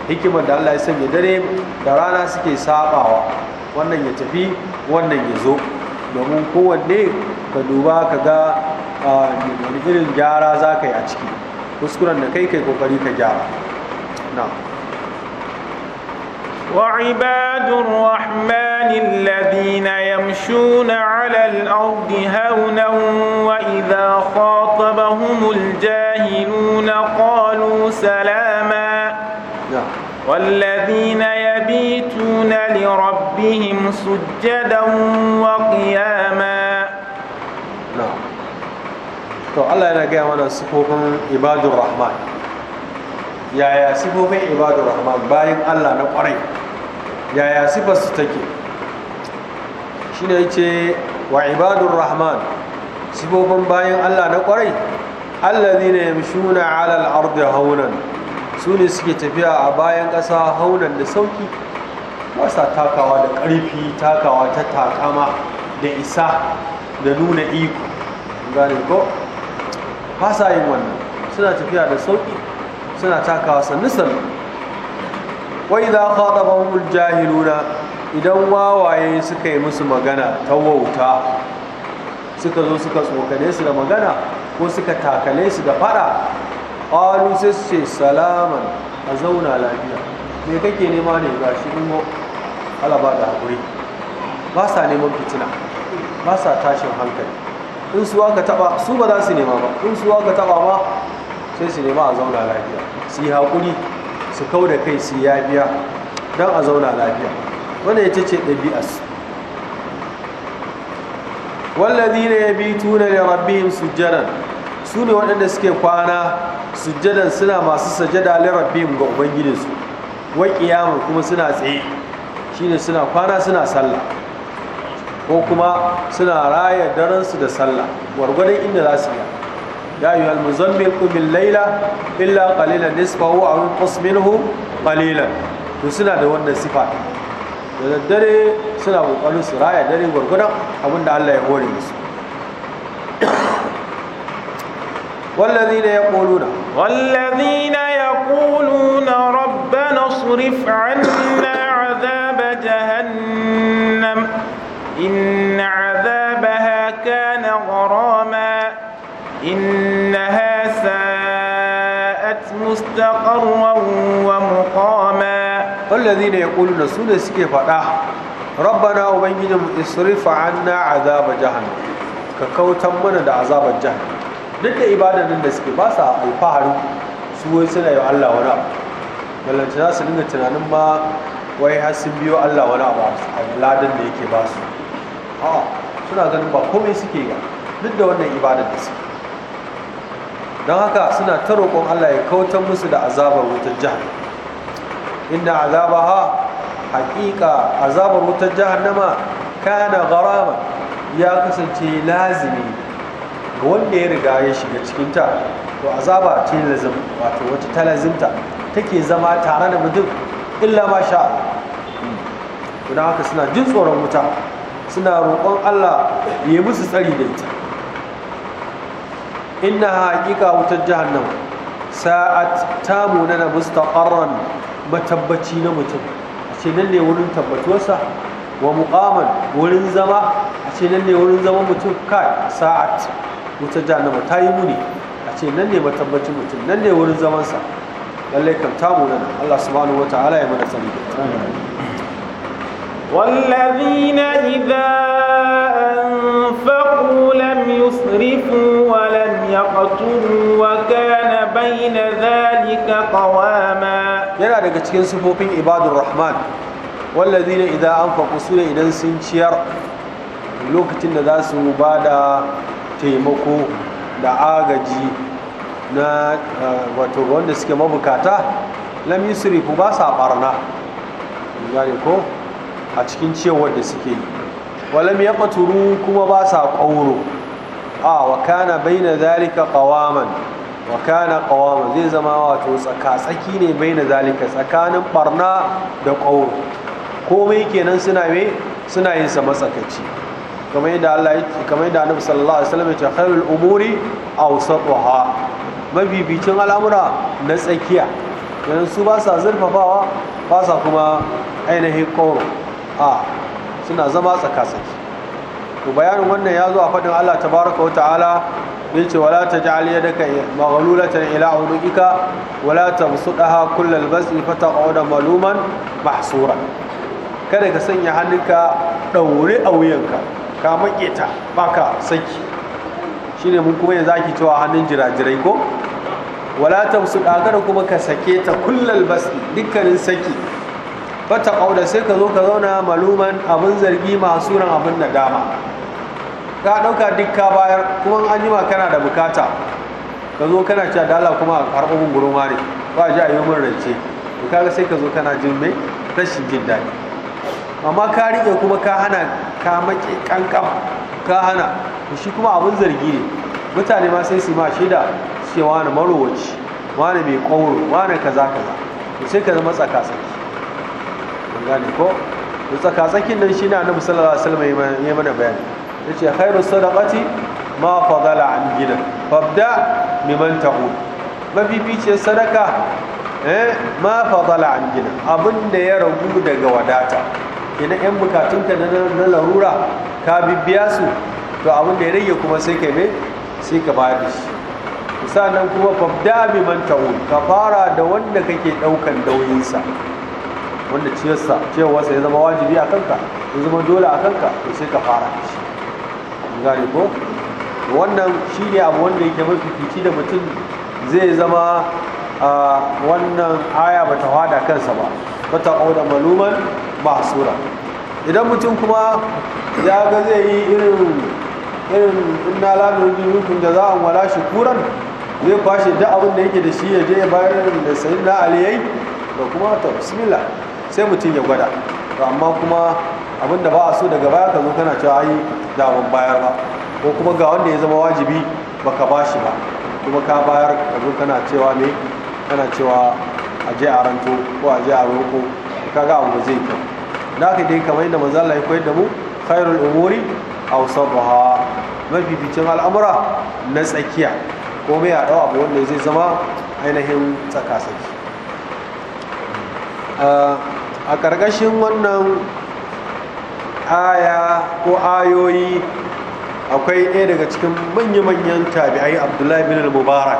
hikimar da Allah ya sanya dare da rana suke sabawa wannan ya tafi wannan ya zo domin kowanne ka duba ka ga wani irin gyara za ka yi a ciki kuskuren da kai kai kokari ka gyara na وعباد الرحمن الذين يمشون على الأرض هونا وإذا خاطبهم الجاهلون قالوا سلاما والذين يبيتون لربهم سجدا وقياما نعم to Allah yana gaya mana sifofin ibadur rahman yaya sifofin ibadur rahman bayan Allah na kwarai yaya sifar su take shine yace wa ibadur rahman sifofin bayan Allah na kwarai allazina yamshuna ala al su ne suke tafiya a bayan ƙasa haunan da sauki ba sa takawa da ƙarfi takawa ta takama da isa da nuna iko gane ko yin wannan suna tafiya da sauki suna takawa sannu sannu wai za ka taɓa jahiluna idan wawaye suka yi musu magana ta wauta suka zo suka tsokane su da magana ko suka takale su da fada qalu sai ce salaman a zauna lafiya me kake nema ne ga shi in alaba da haƙuri. ba sa neman fitina ba sa tashin hankali in su aka taba su ba za su nema ba in su aka taba ba? sai su nema a zauna lafiya su yi hakuri su kau da kai su yafiya don a zauna lafiya wanda ya ce ɗabi'as wallazi ne ya bi ya rabbi rabbihim sujjanan su ne waɗanda suke kwana sujjadan suna masu sajada lirabbihim ga ubangijinsu wa kiyamun kuma suna tsaye shine suna kwana suna sallah ko kuma suna raya daransu da sallah gwargwadon inda za su yi ya yi almuzammil kumin laila illa kalilan nisfahu wa abin minhu kalilan to suna da wannan sifa da daddare suna kokarin su raya dare gwargwadon abinda Allah ya hore musu والذين يقولون والذين يقولون ربنا اصرف عنا عذاب جهنم إن عذابها كان غراما إنها ساءت مستقرا ومقاما والذين يقولون سنة سكي ربنا وبنجم اصرف عنا عذاب جهنم ككوتا من عذاب جهنم duka ibadannin da suke ba sa alfaharin su wai suna yi Allah wani abu balance za su dinga tunanin ma wai har sun biyo Allah wani abu a ladan da yake ba su a'a suna ganin ba komai suke ga duk da wannan ibadan da suke don haka suna ta roƙon Allah ya kautar musu da azabar wutar jihar inda ha? haƙiƙa azabar wutar jihar nama, kana garama ya kasance lazimi ga wanda ya riga ya shiga cikin ta to azaba ce lazim wato wata talazimta take zama tare da mutum illa ma sha don haka suna jin tsoron wuta suna roƙon Allah ya musu tsari da ita inna haƙiƙa wutar jahannama sa'at ta munana mustaqarran matabbaci na mutum a ce nan ne wurin tabbatuwarsa wa muqaman wurin zama a ce nan ne wurin zama mutum kai sa'at wutar jahannama ta yi ne a ce nan ne matabbacin mutum nan ne wurin zamansa lallai kan tamu nan Allah subhanahu wataala ya mana tsari والذين إذا أنفقوا لم يسرفوا ولم يقتروا وكان بين ذلك قواما yana daga cikin sifofin ibadur rahman wallazina idan anfaqu sune idan sun ciyar lokacin da za su bada taimako da agaji na uh, wato wanda suke mabukata lam yusrifu ba sa barna gane ko a cikin cewar da suke yi walam yaqturu kuma ba sa qawro a wa kana baina zalika qawaman wa kana qawaman zai zama wato tsaka tsaki ne baina zalika tsakanin barna da qawro komai kenan suna me suna yin sa matsakaci kamar yadda Allah kamar yadda Annabi sallallahu alaihi wasallam ya ce khairul umuri awsatuha mabibicin al'amura na tsakiya yanzu su ba sa zurfafawa ba sa kuma ainihin kawo a suna zama tsakasaki to bayanin wannan ya zo a faɗin Allah tabaraka wa ta'ala ce wala ja'al yadaka maghlulatan ila unuqika wala tabsudaha kullal bas'i fataqawda maluman mahsura kada ka sanya hannunka daure a wuyanka ka maƙe ta baka saki shine mun kuma yanzu ake cewa hannun jirajirai ko wala tamsu dagara kuma ka sake ta kullal basdi dukkanin saki Ba ta kauda sai ka zo ka zauna maluman abin zargi masu ran abin nadama ka dauka dukka bayar kuma an yi kana da bukata ka zo kana cewa dala kuma har ubun guruma ne, ba ji a yi mun rance ka ga sai ka zo kana jin mai rashin jin daɗi amma ka riƙe kuma ka hana ka maƙe ƙanƙan ka hana to shi kuma abin zargi ne mutane ma sai su ma da, ce wani marowaci wani mai ƙwauro wani kaza kaza Ku sai ka zama tsakasaki mun gane ko da tsakasakin nan shi na na musallar alaihi ya mana bayani ce hairu sadakati ma fadala an gidan fabda miman taho mafificiyar sadaka eh ma fadala an gidan abinda ya ragu daga wadata idan yan bukatunka na larura ka bibbiya su to abin da ya rage kuma sai ka mai sai ka bayar da shi sannan kuma fabda bi man ta'ud ka fara da wanda kake daukan dauyinsa wanda ciyarsa ciyarwarsa ya zama wajibi a kanka ya zama dole a kanka to sai ka fara da shi gane ko wannan shi ne abu wanda yake mafifici da mutum zai zama ah, wannan aya ba ta hada kansa ba fata qawla maluman sura idan mutum kuma ya ga zai yi irin irin inna la nuridu da a wala shi kuran zai kwashe duk abin da yake da shi ya je bayar da sayin na aliyai da kuma ta bismillah sai mutum ya gwada to amma kuma abin da ba a so daga baya ka zo kana cewa ai da ban bayar ba ko kuma ga wanda ya zama wajibi ba ka ba shi ba kuma ka bayar ka zo kana cewa ne kana cewa a je a ranto ko a je a roko ka ga abu zai kyau Na ka dai kamar yadda manzo Allah ya koyar da mu khairul umuri mafi mafificin al'amura na tsakiya komai ya ɗau abu wanda zai zama ainihin tsakasaki a ƙarƙashin wannan aya ko ayoyi akwai ɗaya daga cikin manya-manyan tabi'ai abdullahi bin mubarak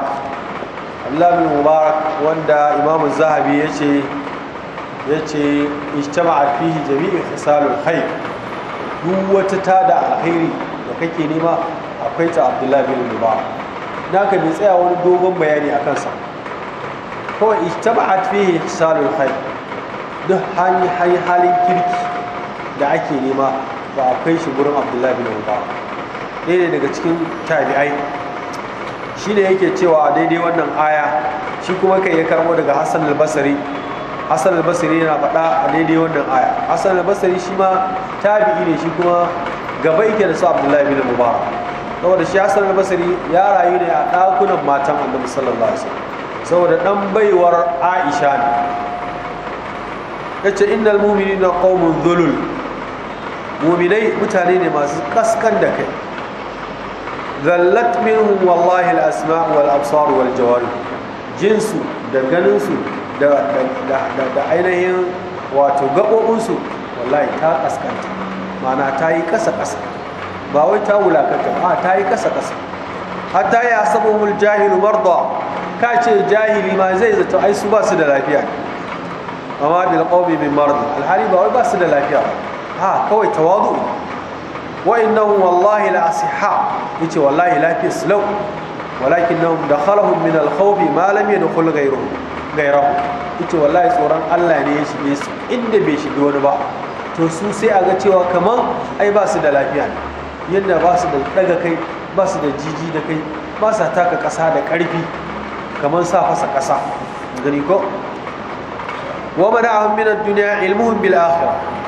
abdullahi bin mubarak wanda imamu zahabi ya ce ya ce taba a fihi jami'in fasalin hai duk wata tada alkhairi da kake nema akwai ta abdullahi bin mubarak Na ka bai tsaya wani dogon bayani a kansa kawai taba a fihi fasalin hai duk hanyar halin kirki da ake nema ba a kai shi wurin abdullahi bin mubarak ɗaya daga cikin tabi'ai shi ne yake cewa daidai wannan aya shi kuma kai ya karbo daga hassan al-basari hasan albasari yana faɗa a daidai wannan aya hasan albasari shi ma tabi'i ne shi kuma gaba yake da su abdullahi bin mubarak saboda shi hasan albasari ya rayu ne a ɗakunan matan annabi sallallahu alaihi wasallam saboda dan baiwar aisha ne yace innal mu'minina qaumun dhulul mu'minai mutane ne masu kaskan da kai zallat minhum wallahi al-asma' wal absar wal jawarih jinsu da ganinsu da ainihin wato gaɓoɓinsu wallahi ta ƙasƙanta mana ta yi ƙasa-ƙasa ba wai ta wulakanta ba ta yi ƙasa-ƙasa hatta ya sababul jahilu marda ka ce jahili ma zai zato ai su ba su da lafiya amma bil qawmi min marda alhali ba wai ba su da lafiya ha kawai tawadu wa innahum wallahi la asiha yace wallahi lafiya slow walakinnahum dakhalahum min al khawfi ma lam yadkhul ghayruhum gairahu ita wallahi tsoron Allah ne ya shige su inda bai shige wani ba to su sai a ga cewa kamar ai ba su da lafiya yadda ba su da daga kai ba su da jiji da kai ba sa taka ƙasa da ƙarfi kamar sa fasa ƙasa gani ko wa mana'ahum min ad-dunya bil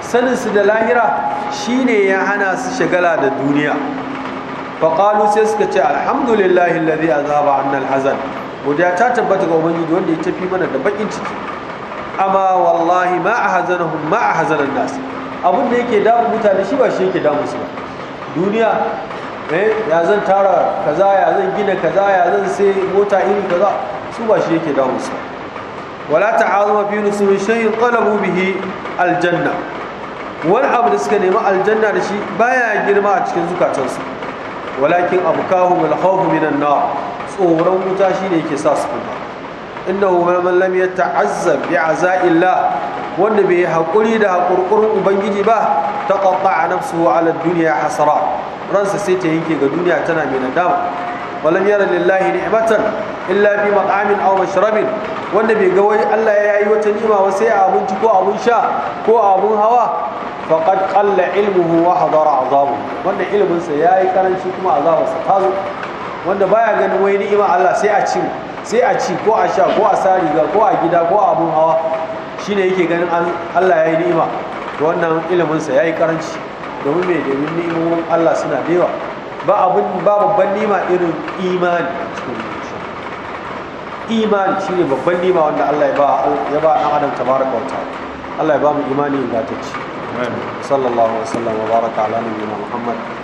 sanin su da lahira shine ya hana su shagala da duniya fa sai suka ce alhamdulillahi alladhi azaba zaba al-hazan godiya ta tabbata ga ubangiji wanda ya tafi mana da bakin ciki amma wallahi ma ahzanahum ma ahzanan nas da yake damu mutane shi ba shi yake damu su ba duniya eh, ya zan tara kaza ya zan gina kaza ya zan sai mota iri kaza su ba shi yake damu su wala ta'azuma fi nusubin shay'in qalabu bihi aljanna wani abu da suka nemi aljanna da shi baya girma a cikin zukatansu walakin abukahum alkhawf minan nar tsoron wuta shine yake sa su kuma innahu man lam yata'azzab bi'aza'illah wanda bai haƙuri da haƙurƙurin ubangiji ba ta a nafsu 'ala duniya duniya hasara ransa sai ta yanke ga duniya tana mai nadama walam yara lillahi ni'matan illa bi mat'amin aw mashrabin wanda bai ga wai Allah ya yi wata nima ba sai a abinci ko abun sha ko abun hawa faqad qalla ilmuhu wa hadara azabu wanda ilmin sa yayi karanci kuma azabarsa ta wanda baya ganin wai ni'ima Allah sai a ci sai a ci ko a sha ko a sa riga ko a gida ko a abun hawa shine yake ganin Allah ya yi ni'ima to wannan ilimin sa yayi karanci domin me domin ni'imomin Allah suna da yawa ba abun ba babban ni'ima irin imani imani shine babban ni'ima wanda Allah ya ba ya ba dan adam tabaraka wa ta'ala Allah ya ba mu imani ingantacce sallallahu alaihi wasallam wa baraka ala nabiyyina muhammad